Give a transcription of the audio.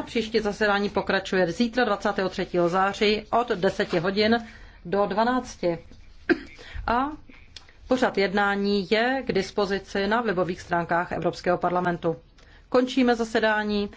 a příští zasedání pokračuje zítra 23. září od 10 hodin do 12. A pořad jednání je k dispozici na webových stránkách Evropského parlamentu. Končíme zasedání.